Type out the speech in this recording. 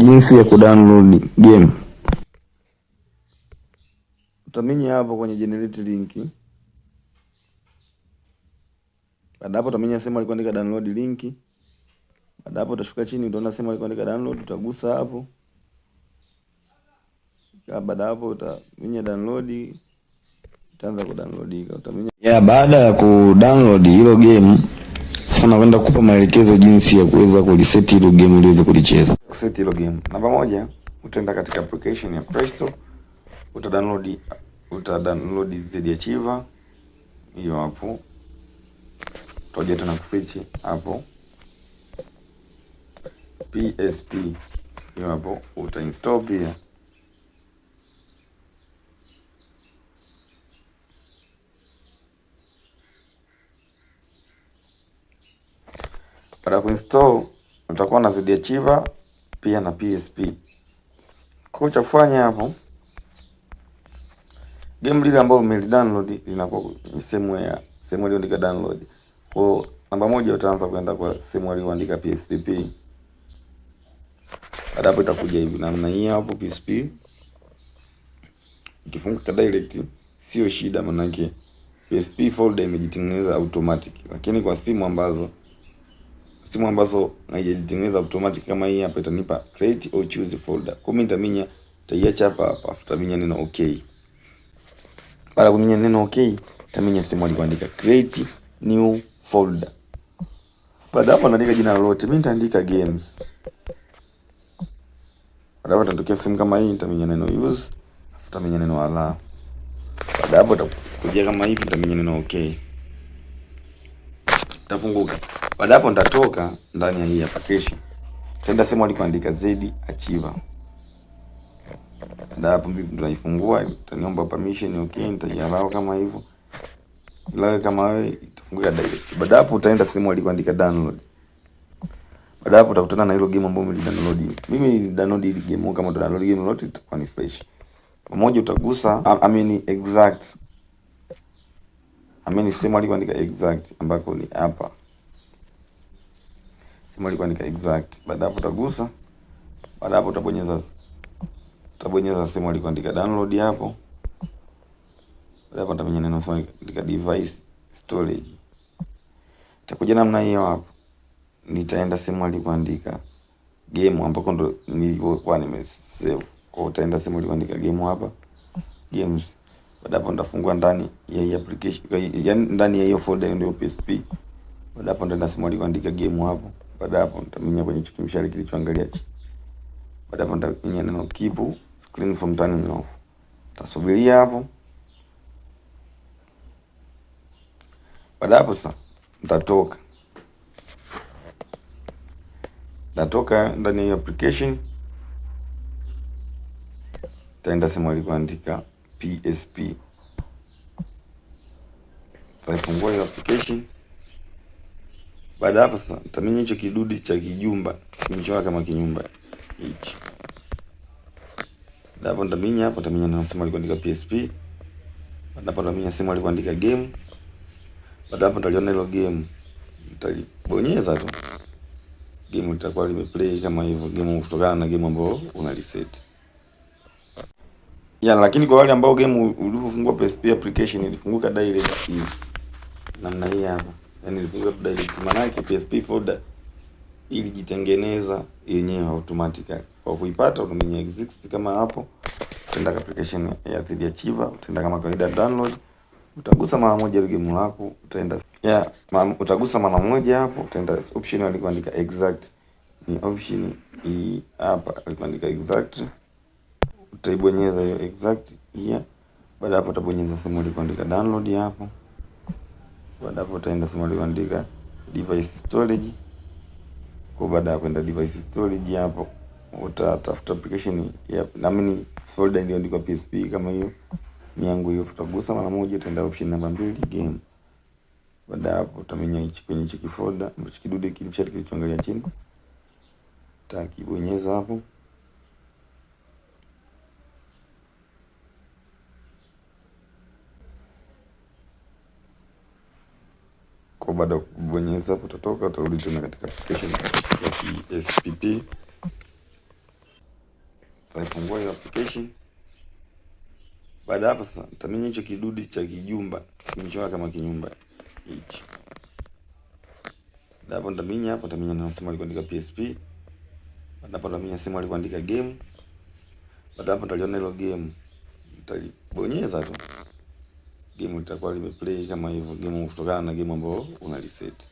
Jinsi ya kudownload game. Utaminya hapo kwenye generate link. Baada hapo utaminya sema alikuwa andika download link. Baada hapo utashuka chini utaona sema alikuwa andika download utagusa hapo. Baada hapo utaminya download itaanza kudownload. Utaminya yeah, baada ya kudownload hilo game sasa nakwenda kukupa maelekezo jinsi ya kuweza kuliseti hilo game ili uweze kulicheza kuseti hilo game. Namba moja, utaenda katika application ya Play Store, utadownload utadownload ZArchiver hiyo hapo, utakuja tena kusearch hapo PSP hiyo hapo, install pia Baada ya kuinstall utakuwa na ZArchiver pia na PSP. Kwa cha kufanya hapo, game lile ambalo download linakuwa kwenye sehemu ya sehemu iliyoandika download. Kwa namba moja utaanza kwenda kwa sehemu iliyoandika PSP. Baada hapo itakuja hivi namna hii hapo PSP. Ukifunguka direct sio shida, manake PSP folder imejitengeneza automatic, lakini kwa simu ambazo simu ambazo haijajitengeneza automatic kama hii hapa, itanipa create or choose folder. Kwa mimi nitaminya, nitaiacha hapa hapa, afu neno okay. Baada kuminya neno okay, nitaminya sehemu alikuandika create new folder. Baada hapo naandika jina lolote, mimi nitaandika games. Baada hapo tatokea simu kama hii, nitaminya neno use, afu nitaminya neno ala. Baada hapo takujia kama hivi, nitaminya neno okay, tafunguka. Baada hapo nitatoka ndani ya hii application. Tenda sehemu alikoandika Z Achiever. Baada hapo mimi tunaifungua, itaniomba permission, okay, nitajalao kama hivyo. Ilawe kama wewe itafunguka direct. Baada hapo utaenda sehemu alikoandika download. Baada hapo utakutana na hilo game ambayo mimi download. Mimi ni download ile game kama download game lolote itakuwa ni fresh. Pamoja utagusa I mean exact. I mean sehemu alikoandika exact ambako ni hapa sema alikuwa nika exact. Baada hapo utagusa, baada hapo utabonyeza utabonyeza sema alikuwa andika download hapo. Baada hapo utabonyeza neno sema andika device storage. Itakuja namna hiyo hapo. Nitaenda sema alikuwa andika game ambako ndo nilikuwa nimesave. Kwa utaenda sema alikuwa andika game hapa. Games. Baada hapo nitafungua ndani ya hii application, yaani ndani ya hiyo folder ndio PSP. Baada hapo ndio nasema alikuwa game hapo. Baada hapo nitaminya kwenye chukimshari kilichoangalia chini. Baada hapo nitaminya neno keep screen from turning off. Tasubiria hapo. Baada hapo sasa nitatoka. Nitatoka ndani ya application. Nitaenda sehemu alikoandika PSP. taifungua hiyo application. Baada hapo sasa nitamenya hicho kidudi cha kijumba kilichoona kama kinyumba hichi. Baada hapo nitamenya hapo nitamenya na simu alikuandika PSP. Baada hapo nitamenya simu alikuandika game. Baada hapo nitaliona hilo game. Nitalibonyeza tu. Game litakuwa limeplay kama hivyo game kutokana na game ambayo una reset Ya, lakini kwa wale ambao game ulivyofungua PSP application ilifunguka direct hivi. Namna hii hapa na nilifunza kudirect, maana yake PHP folder ilijitengeneza yenyewe automatically. Kwa kuipata unamenya exist kama hapo, utaenda application ya CD Achiever, utaenda kama kawaida download, utagusa mara moja game lako, utaenda yeah, ma, utagusa mara moja hapo, utaenda option alikuandika exact ni option hii hapa, alikuandika exact, utaibonyeza hiyo exact yeah. Baada hapo utabonyeza sehemu alikuandika download hapo baada hapo utaenda sema ulioandika device storage. Kwa baada ya kwenda device storage hapo utatafuta application ya naamini folder iliyoandikwa PSP kama hiyo yangu hiyo, utagusa mara moja, utaenda option namba mbili game. Baada hapo utamenya hichi kwenye hichi kifolder ambacho kidude kimshati kilichoangalia chini, utakibonyeza hapo. Baada ya kubonyeza hapo, utatoka utarudi tena katika application ya SPP, utaifungua hiyo application. Baada hapo sasa utaminya hicho kidudi cha kijumba, kimechora kama kinyumba hichi Baada hapo nitaminya hapo, nitaminya na simu alikuandika PSP. Baada hapo nitaminya simu alikuandika game. Baada hapo nitaliona hilo game, nitalibonyeza tu game litakuwa limeplay kama hivyo game, kutokana na game ambayo una reset.